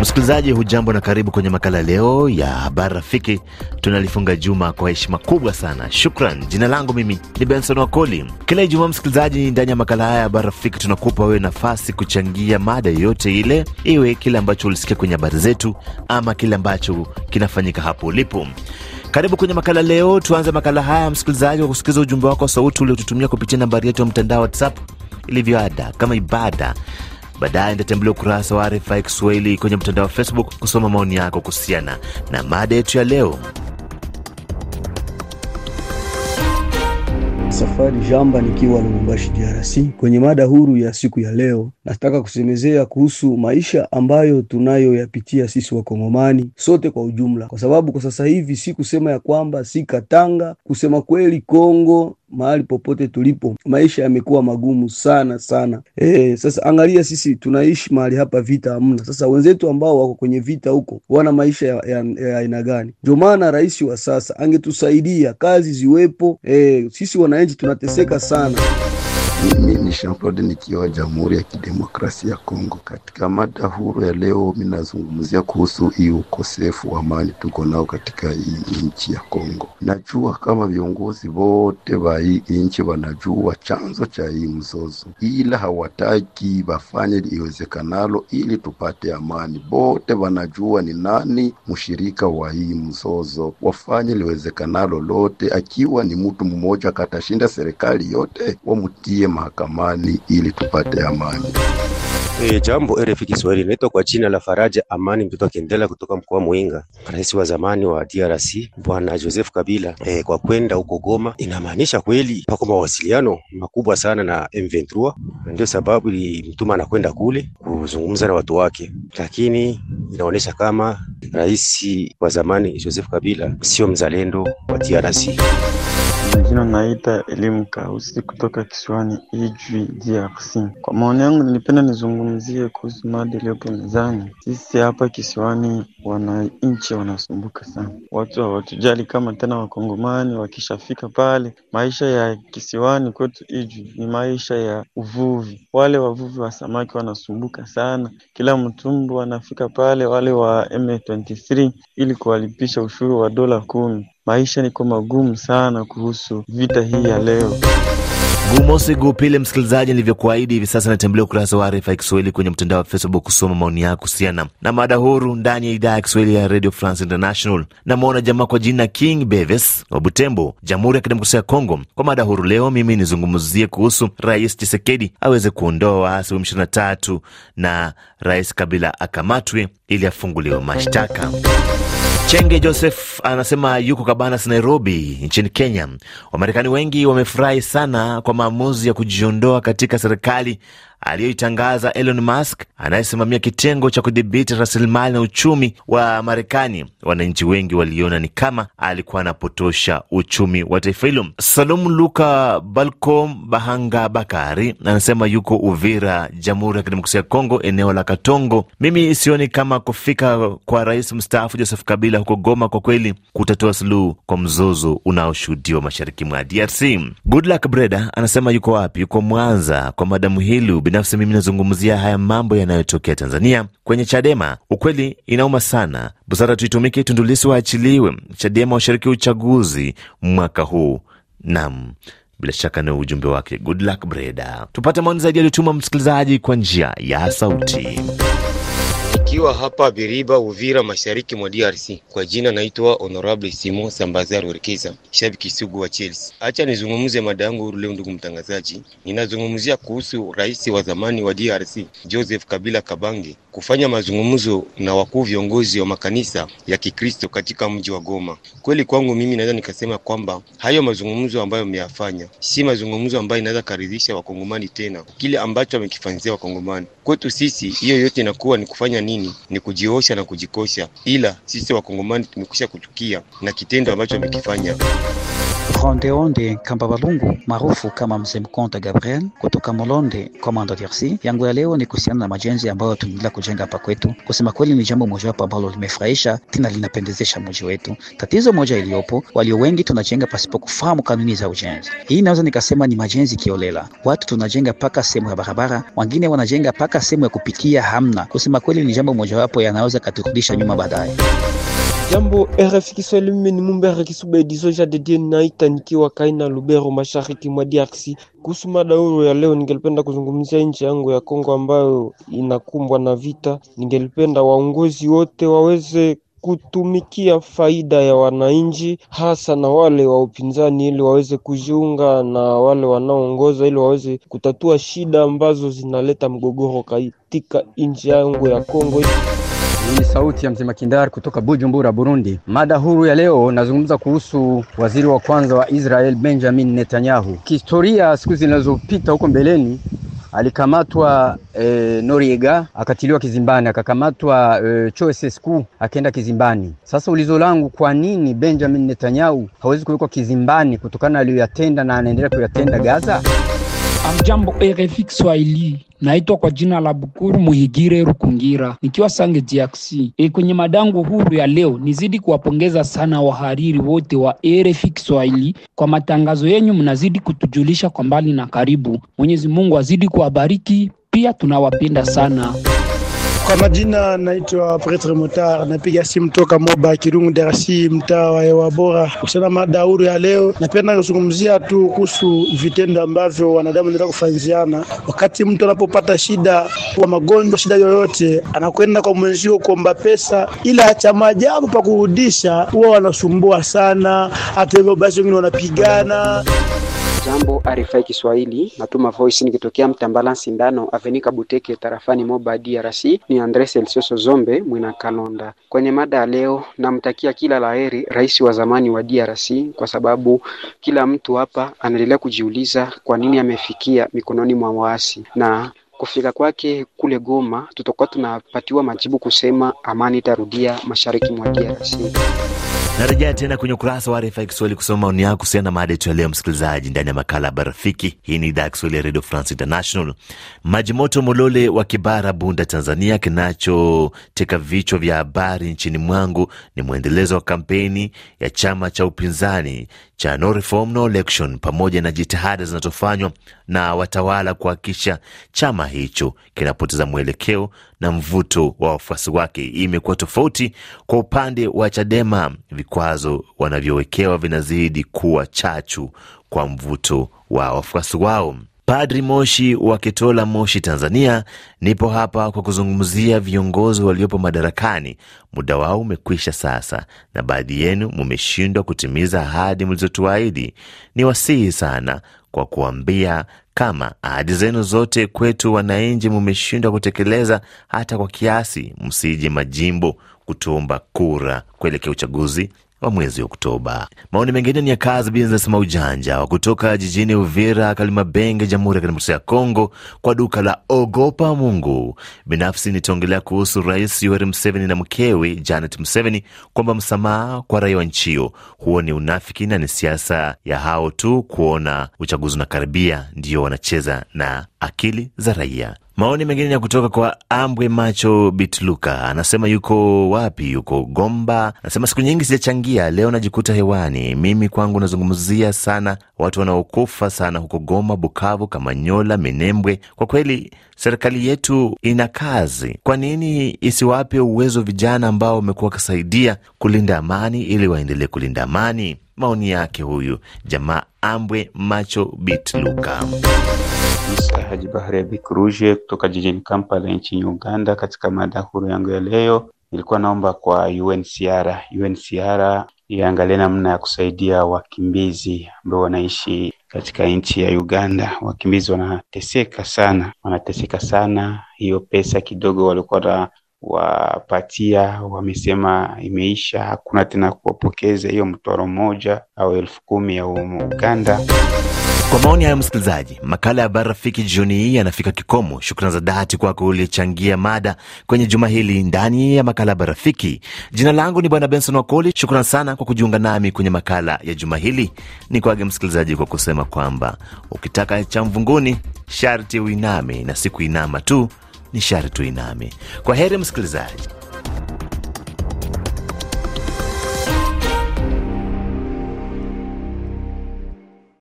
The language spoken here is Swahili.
Msikilizaji, hujambo na karibu kwenye makala leo ya habari rafiki. Tunalifunga juma kwa heshima kubwa sana, shukran. Jina langu mimi ni Benson Wakoli. Kila Ijumaa msikilizaji, ndani ya makala haya ya habari rafiki, tunakupa wewe nafasi kuchangia mada yoyote ile, iwe kile ambacho ulisikia kwenye habari zetu ama kile ambacho kinafanyika hapo ulipo. Karibu kwenye makala leo. Tuanze makala haya msikilizaji, kwa kusikiliza ujumbe wako wa sauti uliotutumia kupitia nambari yetu ya mtandao WhatsApp. ilivyoada kama ibada, Baadaye nitatembelea ukurasa wa RFI Kiswahili kwenye mtandao wa Facebook kusoma maoni yako kuhusiana na mada yetu ya leo. Safari Jamba nikiwa Lubumbashi DRC. Kwenye mada huru ya siku ya leo, nataka kusemezea kuhusu maisha ambayo tunayoyapitia sisi Wakongomani sote kwa ujumla, kwa sababu kwa sasa hivi si kusema ya kwamba si Katanga, kusema kweli Kongo mahali popote tulipo, maisha yamekuwa magumu sana sana. E, sasa angalia, sisi tunaishi mahali hapa vita hamna. Sasa wenzetu ambao wako kwenye vita huko wana maisha ya aina gani? Ndio maana rais wa sasa angetusaidia, kazi ziwepo. E, sisi wananchi tunateseka sana. Mimi ni Jean Claude nikiwa Jamhuri ya Kidemokrasia ya Kongo. Katika mada huru ya leo, minazungumzia kuhusu hii ukosefu wa amani tuko nao katika hii nchi ya Kongo. Najua kama viongozi wote wa hii nchi wanajua chanzo cha hii mzozo, ila hawataki wafanye iwezekanalo ili tupate amani. vote wanajua ni nani mshirika wa hii mzozo, wafanye liwezekanalo lote. Akiwa ni mtu mmoja katashinda serikali yote, wamutie mahakamani ili tupate amani. E, jambo RFI Kiswahili, naitwa kwa jina la Faraja Amani mtoto akiendelea kutoka mkoa Mwinga. Rais wa zamani wa DRC Bwana Joseph Kabila e, kwa kwenda huko Goma inamaanisha kweli pako mawasiliano makubwa sana na M23, ndio sababu ilimtuma anakwenda kule kuzungumza na watu wake, lakini inaonyesha kama rais wa zamani Joseph Kabila sio mzalendo wa DRC. Majina naita Elimu Kausi kutoka kisiwani Ijwi, e DRC. Kwa maoni yangu, nilipenda nizungumzie kuhusu mada iliyopo mezani. Sisi hapa kisiwani, wananchi wanasumbuka sana, watu hawatujali kama tena Wakongomani. Wakishafika pale, maisha ya kisiwani kwetu Ijwi e ni maisha ya uvuvi. Wale wavuvi wa samaki wanasumbuka sana, kila mtumbu wanafika pale wale wa M23 ili kuwalipisha ushuru wa dola kumi maisha niko magumu sana kuhusu vita hii ya leo. Gumosi Gupile, msikilizaji, nilivyokuahidi hivi sasa natembelea ukurasa wa ya Kiswahili kwenye mtandao wa Facebook kusoma maoni yako kuhusiana na mada huru ndani ya idhaa ya Kiswahili ya Radio France International. Namwona jamaa kwa jina King Beves wa Butembo, Jamhuri ya Kidemokrasia ya Kongo. Kwa mada huru leo, mimi nizungumzie kuhusu Rais Tshisekedi aweze kuondoa waasi wa 23 na Rais Kabila akamatwe ili afunguliwe mashtaka. Chenge Joseph anasema yuko Kabanas, Nairobi nchini Kenya. Wamarekani wengi wamefurahi sana kwa maamuzi ya kujiondoa katika serikali aliyoitangaza Elon Musk anayesimamia kitengo cha kudhibiti rasilimali na uchumi wa Marekani, wananchi wengi waliona ni kama alikuwa anapotosha uchumi wa taifa hilo. Salum Luka Balcom Bahanga Bakari anasema yuko Uvira, Jamhuri ya Kidemokrasia ya Kongo, eneo la Katongo. Mimi sioni kama kufika kwa rais mstaafu Joseph Kabila huko Goma kwa kweli kutatoa suluhu kwa mzozo unaoshuhudiwa mashariki mwa DRC. Goodluck Breda anasema yuko wapi? Yuko Mwanza kwa madamu Hilu Binafsi mimi nazungumzia haya mambo yanayotokea Tanzania kwenye Chadema. Ukweli inauma sana, busara tuitumike, tundulisi waachiliwe, Chadema washiriki uchaguzi mwaka huu. Nam, bila shaka ni ujumbe wake Goodluck Breda. Tupate maoni zaidi aliyotuma msikilizaji kwa njia ya sauti. Nikiwa hapa Biriba, Uvira, mashariki mwa DRC. Kwa jina naitwa Honorable Simon Sambazar Rwerekeza, shabiki sugu wa Chelsea. Acha nizungumze mada yangu leo, ndugu mtangazaji. Ninazungumzia kuhusu rais wa zamani wa DRC Joseph Kabila Kabange kufanya mazungumzo na wakuu viongozi wa makanisa ya Kikristo katika mji wa Goma. Kweli kwangu mimi naweza nikasema kwamba hayo mazungumzo ambayo ameyafanya si mazungumzo ambayo inaweza karidhisha wakongomani tena, kile ambacho amekifanyia wakongomani. Kwetu sisi hiyo yote inakuwa ni kufanya nini? nini? Ni kujiosha na kujikosha, ila sisi wakongomani tumekusha kuchukia na kitendo ambacho amekifanya. Rondeonde Kamba Balungu maarufu kama Mzee Mkonta Gabriel kutoka Molonde Komando DRC. Yangu ya leo ni kuhusiana na majenzi ambayo tunaendelea kujenga hapa kwetu. Kusema kweli, ni jambo moja hapa ambalo limefurahisha tena linapendezesha mji wetu. Tatizo moja iliyopo, walio wengi tunajenga pasipo kufahamu kanuni za ujenzi. Hii naweza nikasema ni majenzi kiolela. Watu tunajenga paka sehemu ya barabara, wengine wanajenga paka sehemu ya kupikia hamna. Kusema kweli, ni jambo mambo mojawapo yanaweza katurudisha nyuma baadaye. Jambo RFI Kiswahili, mimi ni Mumbere Kisubediso Jadedie naita nikiwa Kaina, Lubero, mashariki mwa DRC. Kuhusu mada huru ya leo, ningelipenda kuzungumzia nchi yangu ya Kongo ambayo inakumbwa na vita. Ningelipenda waongozi wote waweze kutumikia faida ya wananchi hasa na wale wa upinzani, ili waweze kujiunga na wale wanaoongoza, ili waweze kutatua shida ambazo zinaleta mgogoro katika nchi yangu ya Kongo. Ni sauti ya mzima Kindar kutoka Bujumbura, Burundi. Mada huru ya leo nazungumza kuhusu waziri wa kwanza wa Israel Benjamin Netanyahu. Kihistoria, siku zinazopita huko mbeleni, alikamatwa e, Noriega akatiliwa kizimbani, akakamatwa e, Cho akaenda kizimbani. Sasa ulizo langu, kwa nini Benjamin Netanyahu hawezi kuwekwa kizimbani kutokana aliyoyatenda na anaendelea kuyatenda Gaza? Amjambo RFI Kiswahili, naitwa kwa jina la Bukuru Muhigire Rukungira nikiwa Sange DRC. E, kwenye madango huru ya leo nizidi kuwapongeza sana wahariri wote wa RFI Kiswahili kwa matangazo yenyu, mnazidi kutujulisha kwa mbali na karibu. Mwenyezi Mungu azidi kuwabariki, pia tunawapenda sana. Kwa majina naitwa Pretre motar napiga simu toka Moba Kirungu Darasi, mtaa wa hewa bora. Kuhusiana mada huru ya leo, napenda kuzungumzia tu kuhusu vitendo ambavyo wanadamu ndio kufanziana. Wakati mtu anapopata shida kwa magonjwa, shida yoyote, anakwenda kwa mwenzio kuomba pesa, ila cha maajabu pa kurudisha huwa wanasumbua sana. Hata hivyo basi, wengine wanapigana. Jambo RFI Kiswahili, natuma voice nikitokea Mtambala Sindano Avenika Buteke tarafani Moba DRC. Ni Andres Elsioso Zombe Mwina Kalonda. Kwenye mada ya leo, namtakia kila laheri rais wa zamani wa DRC kwa sababu kila mtu hapa anaendelea kujiuliza kwa nini amefikia mikononi mwa waasi na kufika kwake kule Goma tutakuwa tunapatiwa majibu kusema amani itarudia mashariki mwa DRC. Narejea tena kwenye ukurasa wa RFI Kiswahili kusoma maoni yako kuhusiana na mada yetu ya leo, msikilizaji, ndani ya makala Habari Rafiki. Hii ni idhaa ya Kiswahili ya Radio France International. Majimoto Molole wa Kibara, Bunda, Tanzania. Kinachoteka vichwa vya habari nchini mwangu ni mwendelezo wa kampeni ya chama cha upinzani cha No Reform No Election, pamoja na jitihada zinazofanywa na watawala kuhakikisha chama hicho kinapoteza mwelekeo na mvuto wa wafuasi wake. imekuwa tofauti kwa upande wa Chadema vikwazo wanavyowekewa vinazidi kuwa chachu kwa mvuto wa wafuasi wao. Padri Moshi wa Ketola, Moshi, Tanzania. Nipo hapa kwa kuzungumzia viongozi waliopo madarakani, muda wao umekwisha sasa, na baadhi yenu mmeshindwa kutimiza ahadi mlizotuahidi. Ni wasihi sana kwa kuambia kama ahadi zenu zote kwetu wananchi mumeshindwa kutekeleza hata kwa kiasi, msije majimbo kutuomba kura kuelekea uchaguzi wa mwezi Oktoba. Maoni mengine ni ya Kazi Businessma Ujanja wa kutoka jijini Uvira, Kalimabenge, Jamhuri ya Kidemokrasia ya Kongo, kwa duka la Ogopa Mungu. Binafsi nitaongelea kuhusu Rais Yoweri Museveni na mkewe Janet Museveni kwamba msamaha kwa raia wa nchi hiyo huo ni unafiki na ni siasa ya hao tu kuona uchaguzi unakaribia, ndio wanacheza na akili za raia. Maoni mengine ya kutoka kwa Ambwe Macho Bitluka, anasema yuko wapi? Yuko Gomba. Anasema siku nyingi sijachangia, leo najikuta hewani. Mimi kwangu nazungumzia sana watu wanaokufa sana huko Goma, Bukavu, Kamanyola, Minembwe. Kwa kweli serikali yetu ina kazi. Kwa nini isiwape uwezo vijana ambao wamekuwa wakisaidia kulinda amani ili waendelee kulinda amani? Maoni yake huyu jamaa Ambwe Macho Bitluka kabisa Haji Bahari ya bikruje kutoka jijini Kampala nchini Uganda. Katika mada huru yangu ya leo, nilikuwa naomba kwa UNHCR UNHCR iangalie namna ya kusaidia wakimbizi ambao wanaishi katika nchi ya Uganda. Wakimbizi wanateseka sana, wanateseka sana. Hiyo pesa kidogo walikuwa wapatia wamesema imeisha, hakuna tena kuwapokeza hiyo mtoro moja au elfu kumi ya Uganda. Kwa maoni hayo, msikilizaji, makala ya Habari Rafiki jioni hii yanafika kikomo. Shukrani za dhati kwako uliechangia mada kwenye juma hili ndani ya makala ya Habari Rafiki. Jina langu ni Bwana Benson Wakoli. shukran sana kwa kujiunga nami kwenye makala ya juma hili. Ni kwage msikilizaji kwa kusema kwamba ukitaka cha mvunguni sharti uiname, na siku inama tu ni shari tuiname. Kwa heri msikilizaji.